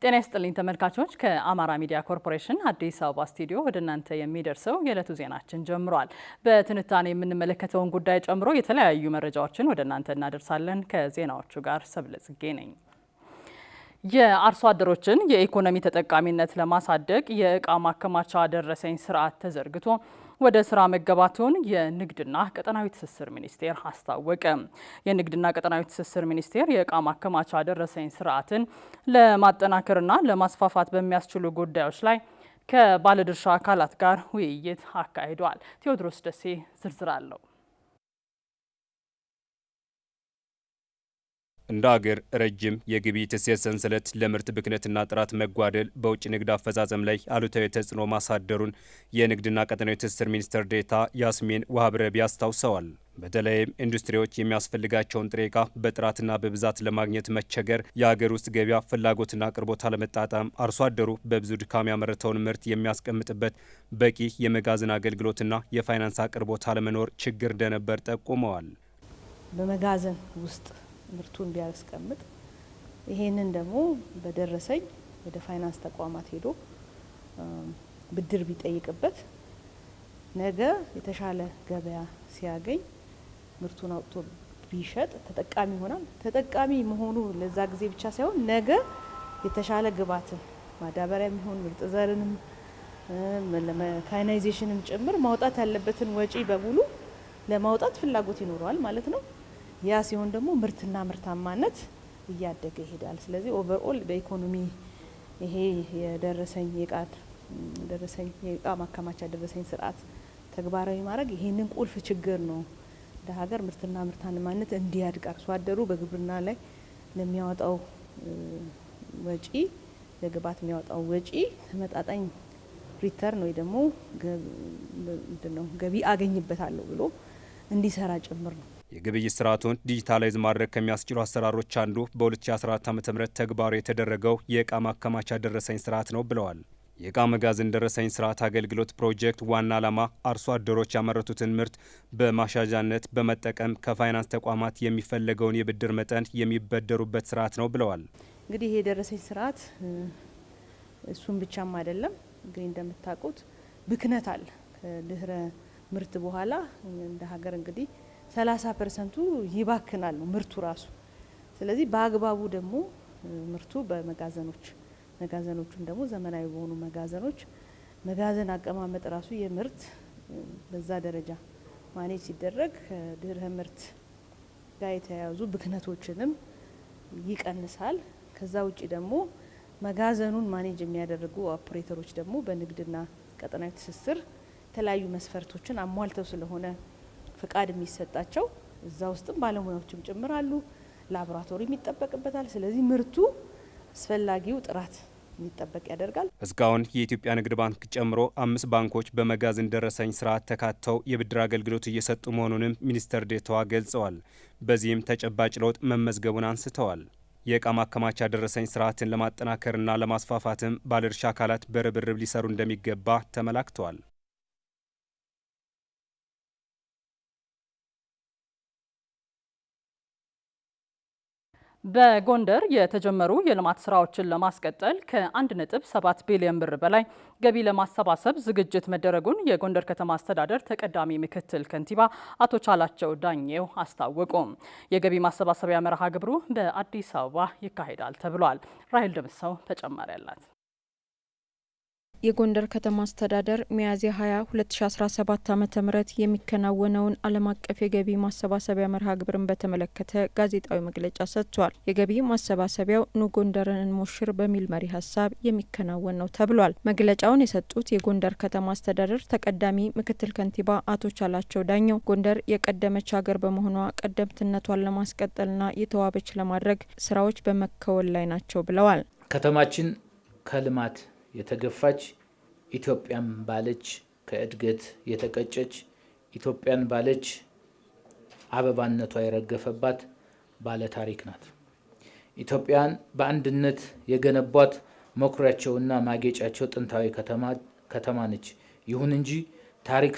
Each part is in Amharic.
ጤና ይስጥልኝ ተመልካቾች፣ ከአማራ ሚዲያ ኮርፖሬሽን አዲስ አበባ ስቱዲዮ ወደ እናንተ የሚደርሰው የዕለቱ ዜናችን ጀምሯል። በትንታኔ የምንመለከተውን ጉዳይ ጨምሮ የተለያዩ መረጃዎችን ወደ እናንተ እናደርሳለን። ከዜናዎቹ ጋር ጽጌ ነኝ። የአርሶ አደሮችን የኢኮኖሚ ተጠቃሚነት ለማሳደግ የእቃ ማከማቻ ደረሰኝ ስርዓት ተዘርግቶ ወደ ስራ መገባቱን የንግድና ቀጠናዊ ትስስር ሚኒስቴር አስታወቀ። የንግድና ቀጠናዊ ትስስር ሚኒስቴር የእቃ ማከማቻ ደረሰኝ ስርዓትን ለማጠናከርና ለማስፋፋት በሚያስችሉ ጉዳዮች ላይ ከባለድርሻ አካላት ጋር ውይይት አካሂዷል። ቴዎድሮስ ደሴ ዝርዝር አለው። እንደ አገር ረጅም የግብይት እሴት ሰንሰለት ለምርት ብክነትና ጥራት መጓደል በውጭ ንግድ አፈጻጸም ላይ አሉታዊ ተጽዕኖ ማሳደሩን የንግድና ቀጠናዊ ትስስር ሚኒስትር ዴታ ያስሚን ዋህብረቢ አስታውሰዋል። በተለይም ኢንዱስትሪዎች የሚያስፈልጋቸውን ጥሬ በጥራትና በብዛት ለማግኘት መቸገር፣ የሀገር ውስጥ ገበያ ፍላጎትና አቅርቦት አለመጣጣም፣ አርሶ አደሩ በብዙ ድካም ያመረተውን ምርት የሚያስቀምጥበት በቂ የመጋዘን አገልግሎትና የፋይናንስ አቅርቦት አለመኖር ችግር እንደነበር ጠቁመዋል። በመጋዘን ውስጥ ምርቱን ቢያስቀምጥ ይሄንን ደግሞ በደረሰኝ ወደ ፋይናንስ ተቋማት ሄዶ ብድር ቢጠይቅበት ነገ የተሻለ ገበያ ሲያገኝ ምርቱን አውጥቶ ቢሸጥ ተጠቃሚ ይሆናል። ተጠቃሚ መሆኑ ለዛ ጊዜ ብቻ ሳይሆን ነገ የተሻለ ግብዓትን ማዳበሪያ የሚሆን ምርጥ ዘርንም ለሜካናይዜሽንም ጭምር ማውጣት ያለበትን ወጪ በሙሉ ለማውጣት ፍላጎት ይኖረዋል ማለት ነው። ያ ሲሆን ደግሞ ምርትና ምርታማነት እያደገ ይሄዳል። ስለዚህ ኦቨርኦል በኢኮኖሚ ይሄ የደረሰኝ የእቃ ደረሰኝ የእቃ ማከማቻ ደረሰኝ ስርዓት ተግባራዊ ማድረግ ይሄንን ቁልፍ ችግር ነው እንደ ሀገር ምርትና ምርታማነት እንዲያድግ አርሶ አደሩ በግብርና ላይ ለሚያወጣው ወጪ ለግባት የሚያወጣው ወጪ ተመጣጣኝ ሪተርን ወይ ደግሞ ገቢ አገኝበታለሁ ብሎ እንዲሰራ ጭምር ነው። የግብይት ስርዓቱን ዲጂታላይዝ ማድረግ ከሚያስችሉ አሰራሮች አንዱ በ2014 ዓ ም ተግባሩ የተደረገው የእቃ ማከማቻ ደረሰኝ ስርዓት ነው ብለዋል። የእቃ መጋዘን ደረሰኝ ስርዓት አገልግሎት ፕሮጀክት ዋና ዓላማ አርሶ አደሮች ያመረቱትን ምርት በማሻዣነት በመጠቀም ከፋይናንስ ተቋማት የሚፈለገውን የብድር መጠን የሚበደሩበት ስርዓት ነው ብለዋል። እንግዲህ የደረሰኝ ስርዓት እሱም ብቻም አይደለም። እንግዲህ እንደምታውቁት ብክነት አለ። ከድህረ ምርት በኋላ እንደ ሀገር እንግዲህ ሰላሳ ፐርሰንቱ ይባክናል ነው ምርቱ ራሱ። ስለዚህ በአግባቡ ደግሞ ምርቱ በመጋዘኖች መጋዘኖቹም ደግሞ ዘመናዊ በሆኑ መጋዘኖች መጋዘን አቀማመጥ ራሱ የምርት በዛ ደረጃ ማኔጅ ሲደረግ ከድህረ ምርት ጋር የተያያዙ ብክነቶችንም ይቀንሳል። ከዛ ውጭ ደግሞ መጋዘኑን ማኔጅ የሚያደርጉ ኦፕሬተሮች ደግሞ በንግድና ቀጠናዊ ትስስር የተለያዩ መስፈርቶችን አሟልተው ስለሆነ ፍቃድ የሚሰጣቸው እዛ ውስጥም ባለሙያዎችም ጭምር አሉ። ላቦራቶሪም ይጠበቅበታል። ስለዚህ ምርቱ አስፈላጊው ጥራት እንዲጠበቅ ያደርጋል። እስካሁን የኢትዮጵያ ንግድ ባንክ ጨምሮ አምስት ባንኮች በመጋዘን ደረሰኝ ስርዓት ተካተው የብድር አገልግሎት እየሰጡ መሆኑንም ሚኒስትር ዴኤታዋ ገልጸዋል። በዚህም ተጨባጭ ለውጥ መመዝገቡን አንስተዋል። የእቃ ማከማቻ ደረሰኝ ስርዓትን ለማጠናከርና ለማስፋፋትም ባለድርሻ አካላት በርብርብ ሊሰሩ እንደሚገባ ተመላክተዋል። በጎንደር የተጀመሩ የልማት ስራዎችን ለማስቀጠል ከ1.7 ቢሊዮን ብር በላይ ገቢ ለማሰባሰብ ዝግጅት መደረጉን የጎንደር ከተማ አስተዳደር ተቀዳሚ ምክትል ከንቲባ አቶ ቻላቸው ዳኘው አስታወቁ። የገቢ ማሰባሰቢያ መርሃ ግብሩ በአዲስ አበባ ይካሄዳል ተብሏል። ራሄል ደምሰው ተጨማሪ ያላት የጎንደር ከተማ አስተዳደር ሚያዝያ 20 2017 ዓ ም የሚከናወነውን ዓለም አቀፍ የገቢ ማሰባሰቢያ መርሃ ግብርን በተመለከተ ጋዜጣዊ መግለጫ ሰጥቷል። የገቢ ማሰባሰቢያው ኑ ጎንደርን እንሞሽር በሚል መሪ ሀሳብ የሚከናወን ነው ተብሏል። መግለጫውን የሰጡት የጎንደር ከተማ አስተዳደር ተቀዳሚ ምክትል ከንቲባ አቶ ቻላቸው ዳኘው ጎንደር የቀደመች ሀገር በመሆኗ ቀደምትነቷን ለማስቀጠልና የተዋበች ለማድረግ ስራዎች በመከወል ላይ ናቸው ብለዋል። ከተማችን ከልማት የተገፋች ኢትዮጵያን ባለች ከእድገት የተቀጨች ኢትዮጵያን ባለች አበባነቷ የረገፈባት ባለ ታሪክ ናት። ኢትዮጵያን በአንድነት የገነቧት መኩሪያቸውና ማጌጫቸው ጥንታዊ ከተማ ነች። ይሁን እንጂ ታሪክ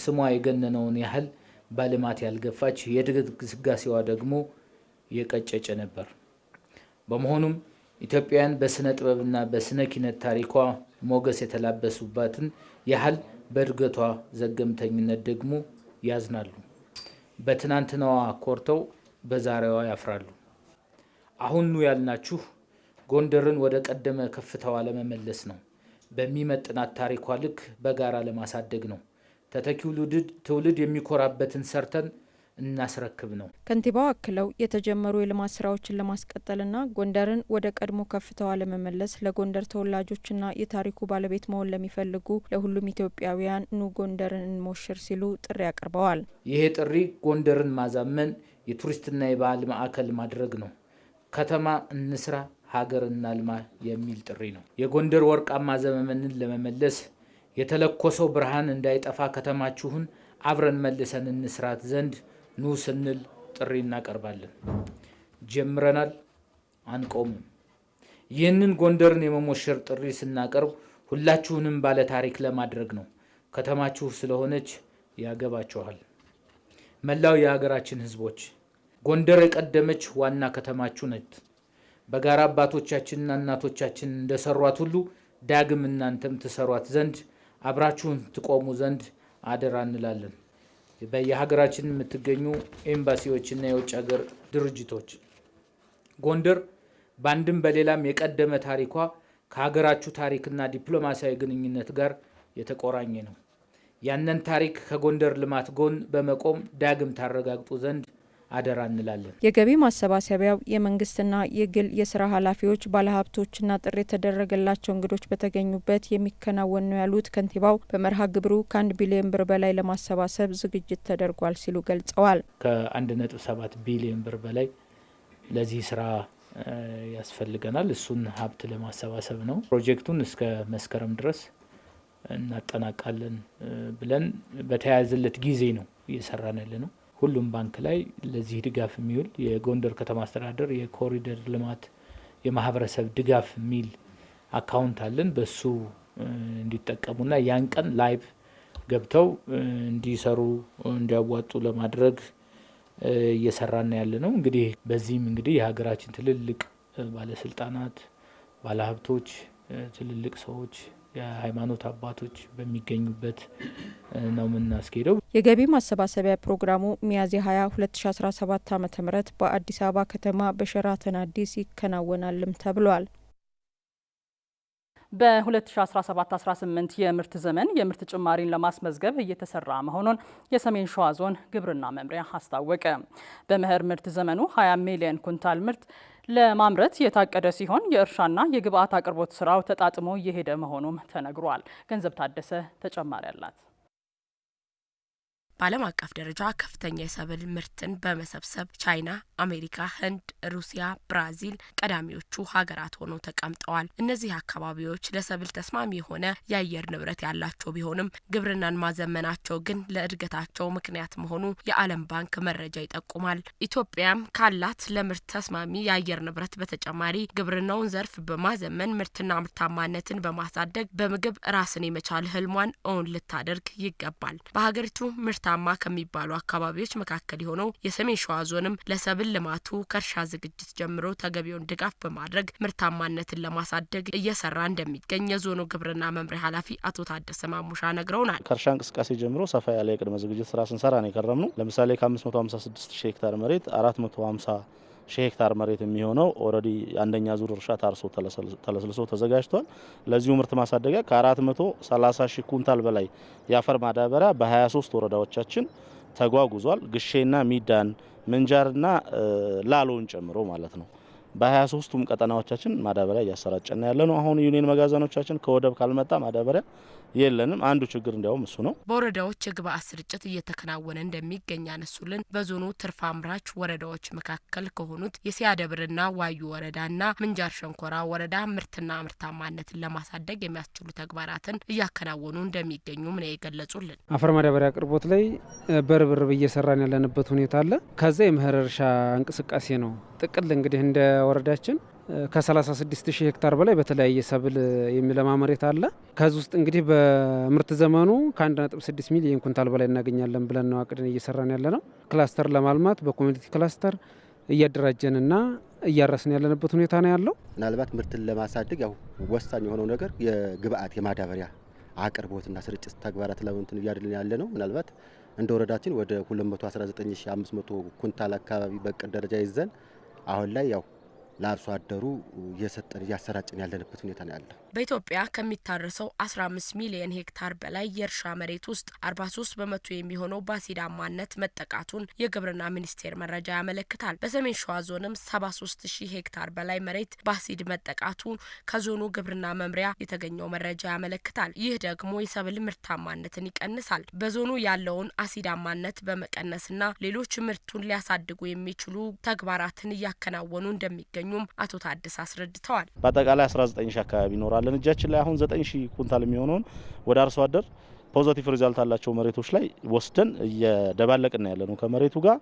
ስሟ የገነነውን ያህል በልማት ያልገፋች፣ የእድገት ግስጋሴዋ ደግሞ የቀጨጨ ነበር። በመሆኑም ኢትዮጵያን በስነ ጥበብና በስነ ኪነት ታሪኳ ሞገስ የተላበሱባትን ያህል በእድገቷ ዘገምተኝነት ደግሞ ያዝናሉ። በትናንትናዋ ኮርተው በዛሬዋ ያፍራሉ። አሁኑ ያልናችሁ ጎንደርን ወደ ቀደመ ከፍታዋ ለመመለስ ነው። በሚመጥናት ታሪኳ ልክ በጋራ ለማሳደግ ነው። ተተኪ ትውልድ የሚኮራበትን ሰርተን እናስረክብ ነው። ከንቲባው አክለው የተጀመሩ የልማት ስራዎችን ለማስቀጠልና ጎንደርን ወደ ቀድሞ ከፍተዋ ለመመለስ ለጎንደር ተወላጆችና የታሪኩ ባለቤት መሆን ለሚፈልጉ ለሁሉም ኢትዮጵያውያን ኑ ጎንደርን እንሞሽር ሲሉ ጥሪ አቅርበዋል። ይሄ ጥሪ ጎንደርን ማዛመን፣ የቱሪስትና የባህል ማዕከል ማድረግ ነው። ከተማ እንስራ፣ ሀገር እናልማ የሚል ጥሪ ነው። የጎንደር ወርቃማ ዘመንን ለመመለስ የተለኮሰው ብርሃን እንዳይጠፋ ከተማችሁን አብረን መልሰን እንስራት ዘንድ ኑ ስንል ጥሪ እናቀርባለን። ጀምረናል፣ አንቆምም። ይህንን ጎንደርን የመሞሸር ጥሪ ስናቀርብ ሁላችሁንም ባለ ታሪክ ለማድረግ ነው። ከተማችሁ ስለሆነች ያገባችኋል። መላው የሀገራችን ህዝቦች ጎንደር የቀደመች ዋና ከተማችሁ ነች። በጋራ አባቶቻችንና እናቶቻችን እንደሰሯት ሁሉ ዳግም እናንተም ትሰሯት ዘንድ አብራችሁን ትቆሙ ዘንድ አደራ እንላለን። በየሀገራችን የምትገኙ ኤምባሲዎችና የውጭ ሀገር ድርጅቶች ጎንደር በአንድም በሌላም የቀደመ ታሪኳ ከሀገራችሁ ታሪክና ዲፕሎማሲያዊ ግንኙነት ጋር የተቆራኘ ነው። ያንን ታሪክ ከጎንደር ልማት ጎን በመቆም ዳግም ታረጋግጡ ዘንድ አደራ እንላለን። የገቢ ማሰባሰቢያው የመንግስትና የግል የስራ ኃላፊዎች፣ ባለሀብቶችና ጥሪ የተደረገላቸው እንግዶች በተገኙበት የሚከናወን ነው ያሉት ከንቲባው በመርሃ ግብሩ ከአንድ ቢሊዮን ብር በላይ ለማሰባሰብ ዝግጅት ተደርጓል ሲሉ ገልጸዋል። ከአንድ ነጥብ ሰባት ቢሊዮን ብር በላይ ለዚህ ስራ ያስፈልገናል። እሱን ሀብት ለማሰባሰብ ነው። ፕሮጀክቱን እስከ መስከረም ድረስ እናጠናቃለን ብለን በተያያዘለት ጊዜ ነው እየሰራን ያለ ነው። ሁሉም ባንክ ላይ ለዚህ ድጋፍ የሚውል የጎንደር ከተማ አስተዳደር የኮሪደር ልማት የማህበረሰብ ድጋፍ የሚል አካውንት አለን። በሱ እንዲጠቀሙና ያን ቀን ላይቭ ገብተው እንዲሰሩ እንዲያዋጡ ለማድረግ እየሰራና ያለ ነው። እንግዲህ በዚህም እንግዲህ የሀገራችን ትልልቅ ባለስልጣናት፣ ባለሀብቶች፣ ትልልቅ ሰዎች የሃይማኖት አባቶች በሚገኙበት ነው የምናስኬደው። የገቢ ማሰባሰቢያ ፕሮግራሙ ሚያዝያ 20 2017 ዓ ም በአዲስ አበባ ከተማ በሸራተን አዲስ ይከናወናልም ተብሏል። በ2017-18 የምርት ዘመን የምርት ጭማሪን ለማስመዝገብ እየተሰራ መሆኑን የሰሜን ሸዋ ዞን ግብርና መምሪያ አስታወቀ። በመኸር ምርት ዘመኑ 20 ሚሊዮን ኩንታል ምርት ለማምረት የታቀደ ሲሆን የእርሻና የግብአት አቅርቦት ስራው ተጣጥሞ እየሄደ መሆኑም ተነግሯል። ገንዘብ ታደሰ ተጨማሪ አላት። በዓለም አቀፍ ደረጃ ከፍተኛ የሰብል ምርትን በመሰብሰብ ቻይና፣ አሜሪካ፣ ህንድ፣ ሩሲያ፣ ብራዚል ቀዳሚዎቹ ሀገራት ሆነው ተቀምጠዋል። እነዚህ አካባቢዎች ለሰብል ተስማሚ የሆነ የአየር ንብረት ያላቸው ቢሆንም ግብርናን ማዘመናቸው ግን ለእድገታቸው ምክንያት መሆኑ የዓለም ባንክ መረጃ ይጠቁማል። ኢትዮጵያም ካላት ለምርት ተስማሚ የአየር ንብረት በተጨማሪ ግብርናውን ዘርፍ በማዘመን ምርትና ምርታማነትን በማሳደግ በምግብ ራስን የመቻል ህልሟን እውን ልታደርግ ይገባል። በሀገሪቱ ምርት ምርታማ ከሚባሉ አካባቢዎች መካከል የሆነው የሰሜን ሸዋ ዞንም ለሰብል ልማቱ ከእርሻ ዝግጅት ጀምሮ ተገቢውን ድጋፍ በማድረግ ምርታማነትን ለማሳደግ እየሰራ እንደሚገኝ የዞኑ ግብርና መምሪያ ኃላፊ አቶ ታደሰ ማሙሻ ነግረውናል። ከእርሻ እንቅስቃሴ ጀምሮ ሰፋ ያለ የቅድመ ዝግጅት ስራ ስንሰራ ነው የከረምነው። ለምሳሌ ከ556 ሺህ ሄክታር መሬት 450 ሺህ ሄክታር መሬት የሚሆነው ኦልሬዲ አንደኛ ዙር እርሻ ታርሶ ተለስልሶ ተዘጋጅቷል። ለዚሁ ምርት ማሳደጊያ ከ430 ሺህ ኩንታል በላይ የአፈር ማዳበሪያ በ23 ወረዳዎቻችን ተጓጉዟል። ግሼና ሚዳን ምንጃርና ላሎን ጨምሮ ማለት ነው። በ23ቱም ቀጠናዎቻችን ማዳበሪያ እያሰራጨና ያለ ነው። አሁን ዩኒየን መጋዘኖቻችን ከወደብ ካልመጣ ማዳበሪያ የለንም። አንዱ ችግር እንዲያውም እሱ ነው። በወረዳዎች የግብአት ስርጭት እየተከናወነ እንደሚገኝ ያነሱልን በዞኑ ትርፍ አምራች ወረዳዎች መካከል ከሆኑት የሲያደብርና ዋዩ ወረዳና ምንጃር ሸንኮራ ወረዳ ምርትና ምርታማነትን ለማሳደግ የሚያስችሉ ተግባራትን እያከናወኑ እንደሚገኙም ነው የገለጹልን። አፈር ማዳበሪያ አቅርቦት ላይ በርብርብ እየሰራን ያለንበት ሁኔታ አለ። ከዛ የምህር እርሻ እንቅስቃሴ ነው ጥቅል እንግዲህ እንደ ወረዳችን ከ36 ሺህ ሄክታር በላይ በተለያየ ሰብል የሚለማ መሬት አለ። ከዚህ ውስጥ እንግዲህ በምርት ዘመኑ ከ1.6 ሚሊዮን ኩንታል በላይ እናገኛለን ብለን ነው አቅድን እየሰራን ያለ ነው። ክላስተር ለማልማት በኮሚኒቲ ክላስተር እያደራጀንና እያረስን ያለንበት ሁኔታ ነው ያለው። ምናልባት ምርትን ለማሳደግ ያው ወሳኝ የሆነው ነገር የግብአት የማዳበሪያ አቅርቦትና ስርጭት ተግባራት ለምንትን እያደልን ያለ ነው። ምናልባት እንደ ወረዳችን ወደ 219500 ኩንታል አካባቢ በቅድ ደረጃ ይዘን አሁን ላይ ያው ለአርሶ አደሩ እየሰጠን እያሰራጭን ያለንበት ሁኔታ ነው ያለው። በኢትዮጵያ ከሚታረሰው 15 ሚሊዮን ሄክታር በላይ የእርሻ መሬት ውስጥ 43 በመቶ የሚሆነው በአሲዳማነት መጠቃቱን የግብርና ሚኒስቴር መረጃ ያመለክታል። በሰሜን ሸዋ ዞንም 73 ሺህ ሄክታር በላይ መሬት በአሲድ መጠቃቱ ከዞኑ ግብርና መምሪያ የተገኘው መረጃ ያመለክታል። ይህ ደግሞ የሰብል ምርታማነትን ይቀንሳል። በዞኑ ያለውን አሲዳማነት በመቀነስና ሌሎች ምርቱን ሊያሳድጉ የሚችሉ ተግባራትን እያከናወኑ እንደሚገኙም አቶ ታድስ አስረድተዋል። በአጠቃላይ 19 ሺህ አካባቢ ይኖራል እንሰራለን። እጃችን ላይ አሁን ዘጠኝ ሺህ ኩንታል የሚሆነውን ወደ አርሶ አደር ፖዘቲቭ ሪዛልት አላቸው መሬቶች ላይ ወስደን እየደባለቅና ያለ ነው ከመሬቱ ጋር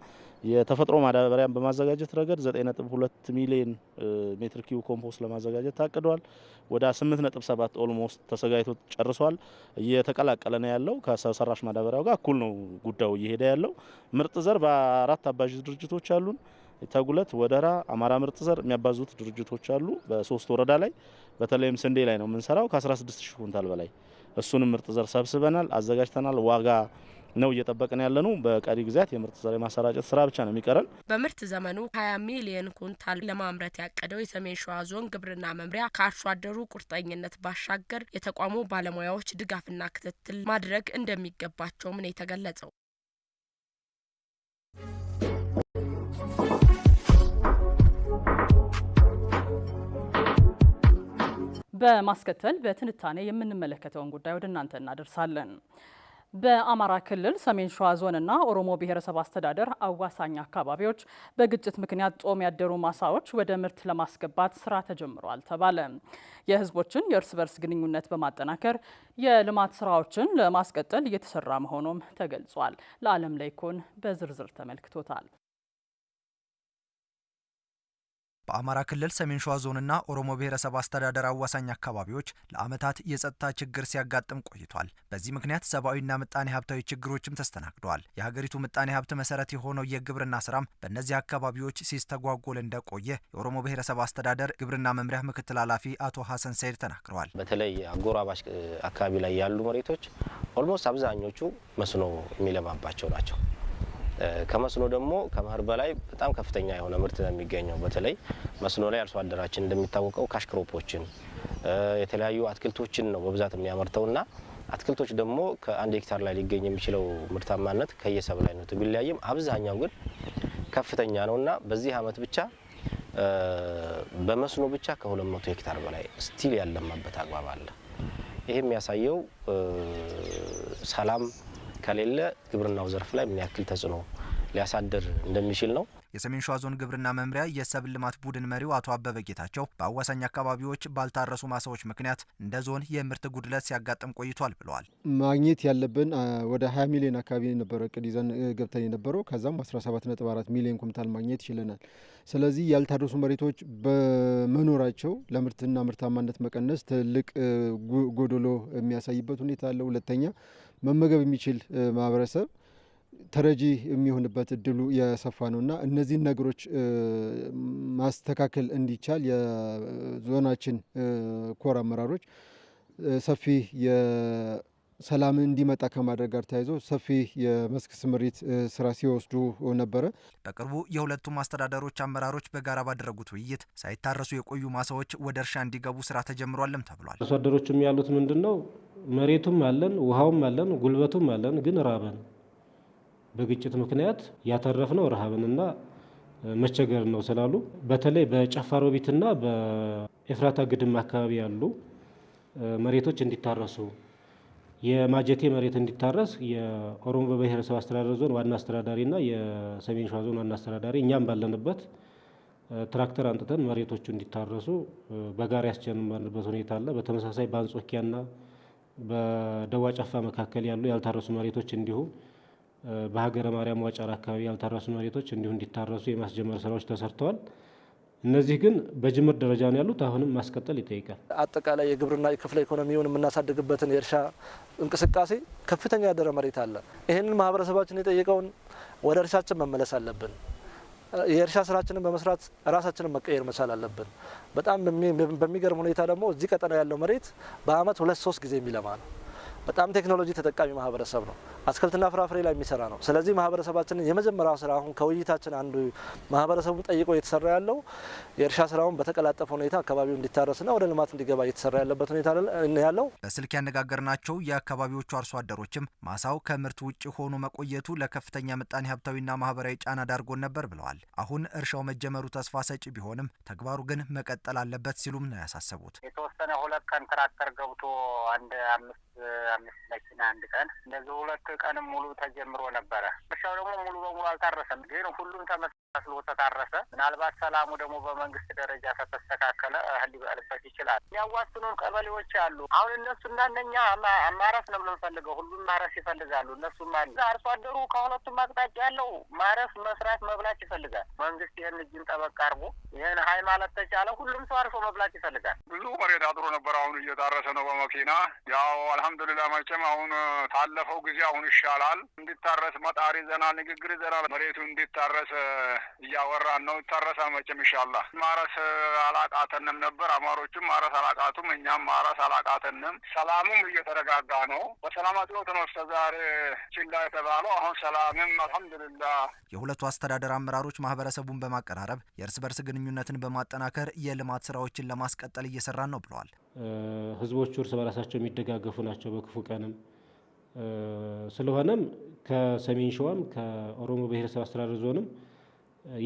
የተፈጥሮ ማዳበሪያን በማዘጋጀት ረገድ 9.2 ሚሊዮን ሜትር ኪዩ ኮምፖስት ለማዘጋጀት ታቅዷል። ወደ 8.7 ኦልሞስት ተሰጋይቶ ጨርሷል። እየተቀላቀለ ነው ያለው ከሰው ሰራሽ ማዳበሪያው ጋር እኩል ነው ጉዳዩ እየሄደ ያለው። ምርጥ ዘር በአራት አባዥ ድርጅቶች አሉን። ተጉለት፣ ወደራ፣ አማራ ምርጥ ዘር የሚያባዙት ድርጅቶች አሉ። በሶስት ወረዳ ላይ በተለይም ስንዴ ላይ ነው የምንሰራው ከ16000 ኩንታል በላይ እሱንም ምርጥ ዘር ሰብስበናል፣ አዘጋጅተናል። ዋጋ ነው እየጠበቅን ነው። በቀሪ ጊዜያት የምርጥ ዘር የማሰራጨት ስራ ብቻ ነው የሚቀረን። በምርት ዘመኑ 20 ሚሊዮን ኩንታል ለማምረት ያቀደው የሰሜን ሸዋ ዞን ግብርና መምሪያ ከአርሶ አደሩ ቁርጠኝነት ባሻገር የተቋሙ ባለሙያዎች ድጋፍና ክትትል ማድረግ እንደሚገባቸውም ነው የተገለጸው። በማስከተል በትንታኔ የምንመለከተውን ጉዳይ ወደ እናንተ እናደርሳለን። በአማራ ክልል ሰሜን ሸዋ ዞንና ኦሮሞ ብሔረሰብ አስተዳደር አዋሳኝ አካባቢዎች በግጭት ምክንያት ጾም ያደሩ ማሳዎች ወደ ምርት ለማስገባት ስራ ተጀምሯል ተባለ። የህዝቦችን የእርስ በርስ ግንኙነት በማጠናከር የልማት ስራዎችን ለማስቀጠል እየተሰራ መሆኑም ተገልጿል። ለዓለም ላይኮን በዝርዝር ተመልክቶታል። በአማራ ክልል ሰሜን ሸዋ ዞንና ኦሮሞ ብሔረሰብ አስተዳደር አዋሳኝ አካባቢዎች ለዓመታት የጸጥታ ችግር ሲያጋጥም ቆይቷል። በዚህ ምክንያት ሰብአዊና ምጣኔ ሀብታዊ ችግሮችም ተስተናግደዋል። የሀገሪቱ ምጣኔ ሀብት መሰረት የሆነው የግብርና ስራም በእነዚህ አካባቢዎች ሲስተጓጎል እንደቆየ የኦሮሞ ብሔረሰብ አስተዳደር ግብርና መምሪያ ምክትል ኃላፊ አቶ ሀሰን ሰይድ ተናግረዋል። በተለይ አጎራባሽ አካባቢ ላይ ያሉ መሬቶች ኦልሞስት አብዛኞቹ መስኖ የሚለማባቸው ናቸው። ከመስኖ ደግሞ ከመኸር በላይ በጣም ከፍተኛ የሆነ ምርት ነው የሚገኘው። በተለይ መስኖ ላይ አርሶ አደራችን እንደሚታወቀው ካሽክሮፖችን የተለያዩ አትክልቶችን ነው በብዛት እና አትክልቶች ደግሞ ከአንድ ሄክታር ላይ ሊገኝ የሚችለው ምርታማነት ከየሰብል አይነቱ ቢለያይም አብዛኛው ግን ከፍተኛ እና በዚህ አመት ብቻ በመስኖ ብቻ ከ200 ሄክታር በላይ ስቲል ያለማበት አግባብ አለ። ይህ የሚያሳየው ሰላም ከሌለ ግብርናው ዘርፍ ላይ ምን ያክል ተጽዕኖ ሊያሳድር እንደሚችል ነው። የሰሜን ሸዋ ዞን ግብርና መምሪያ የሰብል ልማት ቡድን መሪው አቶ አበበ ጌታቸው በአዋሳኝ አካባቢዎች ባልታረሱ ማሳዎች ምክንያት እንደ ዞን የምርት ጉድለት ሲያጋጥም ቆይቷል ብለዋል። ማግኘት ያለብን ወደ 20 ሚሊዮን አካባቢ የነበረ እቅድ ይዘን ገብተን የነበረው ከዛም 17.4 ሚሊዮን ኩንታል ማግኘት ይችለናል። ስለዚህ ያልታረሱ መሬቶች በመኖራቸው ለምርትና ምርታማነት መቀነስ ትልቅ ጎዶሎ የሚያሳይበት ሁኔታ አለ። ሁለተኛ መመገብ የሚችል ማህበረሰብ ተረጂ የሚሆንበት እድሉ የሰፋ ነውና እነዚህን ነገሮች ማስተካከል እንዲቻል የዞናችን ኮር አመራሮች ሰፊ ሰላም እንዲመጣ ከማድረግ ጋር ተያይዞ ሰፊ የመስክ ስምሪት ስራ ሲወስዱ ነበረ። በቅርቡ የሁለቱም አስተዳደሮች አመራሮች በጋራ ባደረጉት ውይይት ሳይታረሱ የቆዩ ማሳዎች ወደ እርሻ እንዲገቡ ስራ ተጀምሯልም ተብሏል። አርሶ አደሮችም ያሉት ምንድን ነው መሬቱም አለን፣ ውሃውም አለን፣ ጉልበቱም አለን፣ ግን ራበን። በግጭት ምክንያት ያተረፍነው ረሃብንና መቸገር ነው ስላሉ በተለይ በጨፋሮቢትና በኤፍራታ ግድም አካባቢ ያሉ መሬቶች እንዲታረሱ የማጀቴ መሬት እንዲታረስ የኦሮሞ በብሔረሰብ አስተዳደር ዞን ዋና አስተዳዳሪና የሰሜን ሸዋ ዞን ዋና አስተዳዳሪ እኛም ባለንበት ትራክተር አንጥተን መሬቶቹ እንዲታረሱ በጋራ ያስጀመርንበት ሁኔታ አለ። በተመሳሳይ በአንጾኪያና በደዋ ጨፋ መካከል ያሉ ያልታረሱ መሬቶች እንዲሁም በሀገረ ማርያም ዋጨር አካባቢ ያልታረሱ መሬቶች እንዲሁ እንዲታረሱ የማስጀመር ስራዎች ተሰርተዋል። እነዚህ ግን በጅምር ደረጃ ነው ያሉት። አሁንም ማስቀጠል ይጠይቃል። አጠቃላይ የግብርና ክፍለ ኢኮኖሚውን የምናሳድግበትን የእርሻ እንቅስቃሴ ከፍተኛ ያደረ መሬት አለ። ይህንን ማህበረሰባችን የጠየቀውን ወደ እርሻችን መመለስ አለብን። የእርሻ ስራችንን በመስራት ራሳችንን መቀየር መቻል አለብን። በጣም በሚገርም ሁኔታ ደግሞ እዚህ ቀጠና ያለው መሬት በአመት ሁለት ሶስት ጊዜ የሚለማ ነው። በጣም ቴክኖሎጂ ተጠቃሚ ማህበረሰብ ነው። አትክልትና ፍራፍሬ ላይ የሚሰራ ነው። ስለዚህ ማህበረሰባችንን የመጀመሪያው ስራ አሁን ከውይይታችን አንዱ ማህበረሰቡን ጠይቆ እየተሰራ ያለው የእርሻ ስራውን በተቀላጠፈ ሁኔታ አካባቢው እንዲታረስና ወደ ልማት እንዲገባ እየተሰራ ያለበት ሁኔታ ያለው። በስልክ ያነጋገርናቸው የአካባቢዎቹ አርሶ አደሮችም ማሳው ከምርት ውጭ ሆኖ መቆየቱ ለከፍተኛ ምጣኔ ሀብታዊና ማህበራዊ ጫና ዳርጎን ነበር ብለዋል። አሁን እርሻው መጀመሩ ተስፋ ሰጪ ቢሆንም ተግባሩ ግን መቀጠል አለበት ሲሉም ነው ያሳሰቡት። የተወሰነ ሁለት ቀን ትራክተር ገብቶ አንድ አምስት አምስት መኪና አንድ ቀን እንደዚህ ሁለት ቀንም ሙሉ ተጀምሮ ነበረ። እርሻው ደግሞ ሙሉ በሙሉ አልታረሰም፣ ግን ሁሉም ተመ ተስሎ ተታረሰ። ምናልባት ሰላሙ ደግሞ በመንግስት ደረጃ ከተስተካከለ እህል ሊበልበት ይችላል። የሚያዋስኑን ቀበሌዎች አሉ። አሁን እነሱ እንዳንደኛ ማረስ ነው የምንፈልገው። ሁሉም ማረስ ይፈልጋሉ። እነሱም አሉ። አርሶ አደሩ ከሁለቱም አቅጣጫ ያለው ማረስ፣ መስራት፣ መብላት ይፈልጋል። መንግስት ይህን እጅን ጠበቅ አድርጎ ይህን ሀይ ማለት ተቻለ። ሁሉም ሰው አርሶ መብላት ይፈልጋል። ብዙ መሬት አድሮ ነበር። አሁን እየታረሰ ነው በመኪና ያው አልሐምዱሊላ። መቼም አሁን ታለፈው ጊዜ አሁን ይሻላል። እንዲታረስ መጣሪ ዘና ንግግር ዘና መሬቱ እንዲታረስ እያወራን ነው። ይታረሳል መቼም ኢንሻላህ። ማረስ አላቃተንም ነበር። አማሮቹም ማረስ አላቃቱም፣ እኛም ማረስ አላቃተንም። ሰላሙም እየተረጋጋ ነው። በሰላም አጥሮት ነው እስከ ዛሬ ችላ የተባለው። አሁን ሰላምም አልሐምዱልላ። የሁለቱ አስተዳደር አመራሮች ማህበረሰቡን በማቀራረብ የእርስ በርስ ግንኙነትን በማጠናከር የልማት ስራዎችን ለማስቀጠል እየሰራን ነው ብለዋል። ህዝቦቹ እርስ በራሳቸው የሚደጋገፉ ናቸው በክፉ ቀንም ስለሆነም ከሰሜን ሸዋም ከኦሮሞ ብሔረሰብ አስተዳደር ዞንም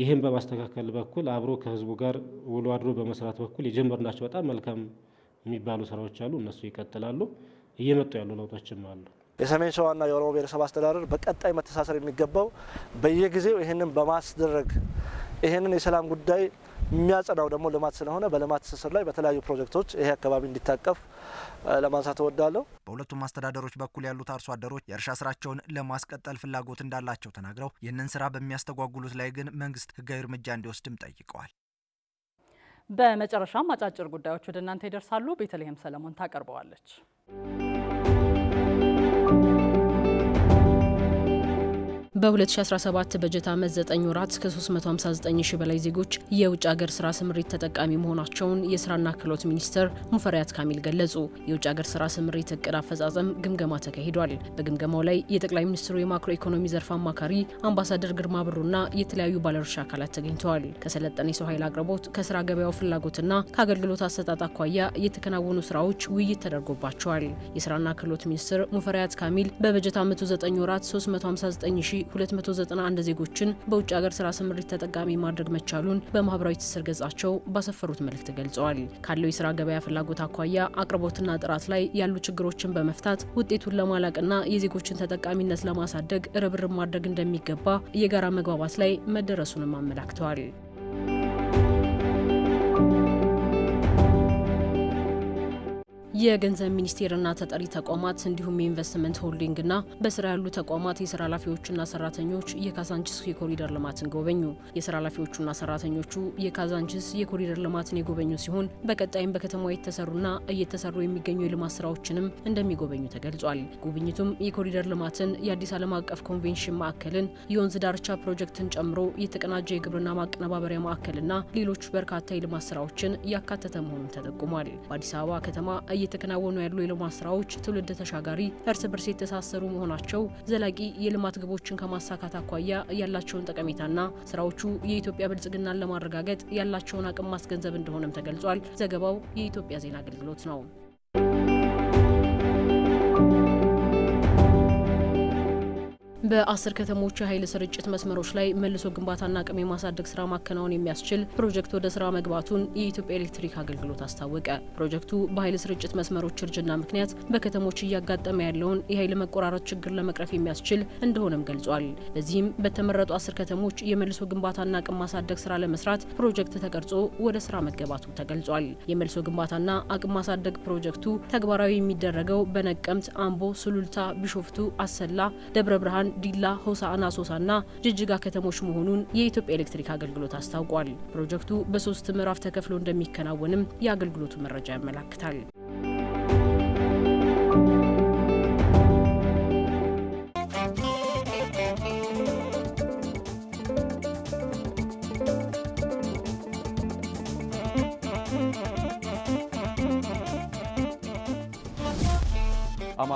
ይህም በማስተካከል በኩል አብሮ ከህዝቡ ጋር ውሎ አድሮ በመስራት በኩል የጀመርናቸው በጣም መልካም የሚባሉ ስራዎች አሉ። እነሱ ይቀጥላሉ። እየመጡ ያሉ ለውጦችም አሉ። የሰሜን ሸዋና የኦሮሞ ብሔረሰብ አስተዳደር በቀጣይ መተሳሰር የሚገባው በየጊዜው ይህንን በማስደረግ ይሄንን የሰላም ጉዳይ የሚያጸዳው ደግሞ ልማት ስለሆነ በልማት ትስስር ላይ በተለያዩ ፕሮጀክቶች ይሄ አካባቢ እንዲታቀፍ ለማንሳት እወዳለሁ። በሁለቱም አስተዳደሮች በኩል ያሉት አርሶ አደሮች የእርሻ ስራቸውን ለማስቀጠል ፍላጎት እንዳላቸው ተናግረው ይህንን ስራ በሚያስተጓጉሉት ላይ ግን መንግስት ህጋዊ እርምጃ እንዲወስድም ጠይቀዋል። በመጨረሻም አጫጭር ጉዳዮች ወደ እናንተ ይደርሳሉ። ቤተልሔም ሰለሞን ታቀርበዋለች። በ2017 በጀት ዓመት 9 ወራት ከ359 ሺህ በላይ ዜጎች የውጭ ሀገር ስራ ስምሪት ተጠቃሚ መሆናቸውን የስራና ክህሎት ሚኒስትር ሙፈሪያት ካሚል ገለጹ። የውጭ ሀገር ስራ ስምሪት እቅድ አፈጻጸም ግምገማ ተካሂዷል። በግምገማው ላይ የጠቅላይ ሚኒስትሩ የማክሮ ኢኮኖሚ ዘርፍ አማካሪ አምባሳደር ግርማ ብሩና የተለያዩ ባለድርሻ አካላት ተገኝተዋል። ከሰለጠነ የሰው ኃይል አቅርቦት ከስራ ገበያው ፍላጎትና ከአገልግሎት አሰጣጥ አኳያ የተከናወኑ ስራዎች ውይይት ተደርጎባቸዋል። የስራና ክህሎት ሚኒስትር ሙፈሪያት ካሚል በበጀት ዓመቱ 9 ወራት 359 291 ዜጎችን በውጭ ሀገር ስራ ስምሪት ተጠቃሚ ማድረግ መቻሉን በማህበራዊ ትስስር ገጻቸው ባሰፈሩት መልእክት ገልጸዋል። ካለው የስራ ገበያ ፍላጎት አኳያ አቅርቦትና ጥራት ላይ ያሉ ችግሮችን በመፍታት ውጤቱን ለማላቅና የዜጎችን ተጠቃሚነት ለማሳደግ ርብርብ ማድረግ እንደሚገባ የጋራ መግባባት ላይ መደረሱንም አመላክተዋል። የገንዘብ ሚኒስቴርና ተጠሪ ተቋማት እንዲሁም የኢንቨስትመንት ሆልዲንግና በስራ ያሉ ተቋማት የስራ ኃላፊዎችና ሰራተኞች የካዛንችስ የኮሪደር ልማትን ጎበኙ። የስራ ኃላፊዎቹና ሰራተኞቹ የካዛንችስ የኮሪደር ልማትን የጎበኙ ሲሆን በቀጣይም በከተማ የተሰሩና እየተሰሩ የሚገኙ የልማት ስራዎችንም እንደሚጎበኙ ተገልጿል። ጉብኝቱም የኮሪደር ልማትን፣ የአዲስ ዓለም አቀፍ ኮንቬንሽን ማዕከልን፣ የወንዝ ዳርቻ ፕሮጀክትን ጨምሮ የተቀናጀ የግብርና ማቀነባበሪያ ማዕከልና ሌሎች በርካታ የልማት ስራዎችን ያካተተ መሆኑን ተጠቁሟል። በአዲስ አበባ ከተማ እየተከናወኑ ያሉ የልማት ስራዎች ትውልድ ተሻጋሪ፣ እርስ በርስ የተሳሰሩ መሆናቸው ዘላቂ የልማት ግቦችን ከማሳካት አኳያ ያላቸውን ጠቀሜታና ስራዎቹ የኢትዮጵያ ብልጽግናን ለማረጋገጥ ያላቸውን አቅም ማስገንዘብ እንደሆነም ተገልጿል። ዘገባው የኢትዮጵያ ዜና አገልግሎት ነው። በአስር ከተሞች የኃይል ስርጭት መስመሮች ላይ መልሶ ግንባታና አቅም የማሳደግ ስራ ማከናወን የሚያስችል ፕሮጀክት ወደ ስራ መግባቱን የኢትዮጵያ ኤሌክትሪክ አገልግሎት አስታወቀ። ፕሮጀክቱ በኃይል ስርጭት መስመሮች እርጅና ምክንያት በከተሞች እያጋጠመ ያለውን የኃይል መቆራረጥ ችግር ለመቅረፍ የሚያስችል እንደሆነም ገልጿል። በዚህም በተመረጡ አስር ከተሞች የመልሶ ግንባታና አቅም ማሳደግ ስራ ለመስራት ፕሮጀክት ተቀርጾ ወደ ስራ መገባቱ ተገልጿል። የመልሶ ግንባታና አቅም ማሳደግ ፕሮጀክቱ ተግባራዊ የሚደረገው በነቀምት፣ አምቦ፣ ሱሉልታ፣ ቢሾፍቱ፣ አሰላ፣ ደብረ ብርሃን ዲላ፣ ሆሳዕና ሶሳና ጅጅጋ ከተሞች መሆኑን የኢትዮጵያ ኤሌክትሪክ አገልግሎት አስታውቋል። ፕሮጀክቱ በሶስት ምዕራፍ ተከፍሎ እንደሚከናወንም የአገልግሎቱ መረጃ ያመላክታል።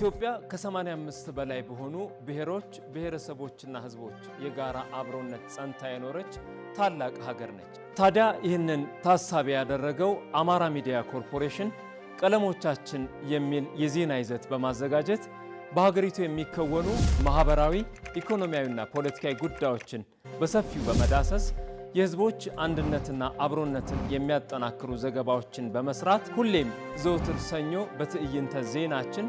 ኢትዮጵያ ከ85 በላይ በሆኑ ብሔሮች፣ ብሔረሰቦችና ሕዝቦች የጋራ አብሮነት ጸንታ የኖረች ታላቅ ሀገር ነች። ታዲያ ይህንን ታሳቢ ያደረገው አማራ ሚዲያ ኮርፖሬሽን ቀለሞቻችን የሚል የዜና ይዘት በማዘጋጀት በሀገሪቱ የሚከወኑ ማህበራዊ፣ ኢኮኖሚያዊና ፖለቲካዊ ጉዳዮችን በሰፊው በመዳሰስ የህዝቦች አንድነትና አብሮነትን የሚያጠናክሩ ዘገባዎችን በመስራት ሁሌም ዘወትር ሰኞ በትዕይንተ ዜናችን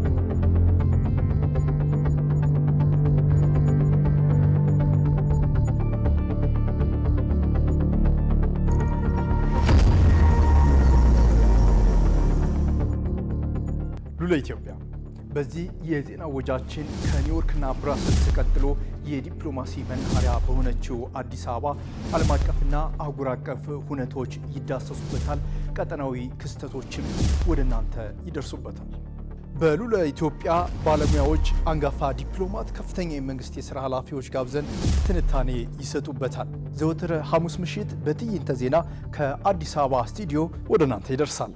ሉላ ኢትዮጵያ በዚህ የዜና ወጃችን ከኒውዮርክና ብራስልስ ተቀጥሎ የዲፕሎማሲ መናኸሪያ በሆነችው አዲስ አበባ ዓለም አቀፍና አህጉር አቀፍ ሁነቶች ይዳሰሱበታል። ቀጠናዊ ክስተቶችም ወደ እናንተ ይደርሱበታል። በሉላ ኢትዮጵያ ባለሙያዎች፣ አንጋፋ ዲፕሎማት፣ ከፍተኛ የመንግስት የሥራ ኃላፊዎች ጋብዘን ትንታኔ ይሰጡበታል። ዘወትር ሐሙስ ምሽት በትዕይንተ ዜና ከአዲስ አበባ ስቱዲዮ ወደ እናንተ ይደርሳል።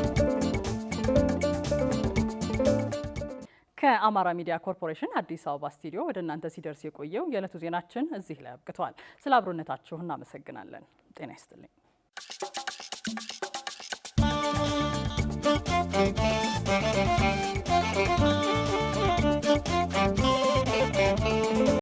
ከአማራ ሚዲያ ኮርፖሬሽን አዲስ አበባ ስቱዲዮ ወደ እናንተ ሲደርስ የቆየው የዕለቱ ዜናችን እዚህ ላይ አብቅተዋል። ስለ አብሮነታችሁ እናመሰግናለን። ጤና ይስጥልኝ።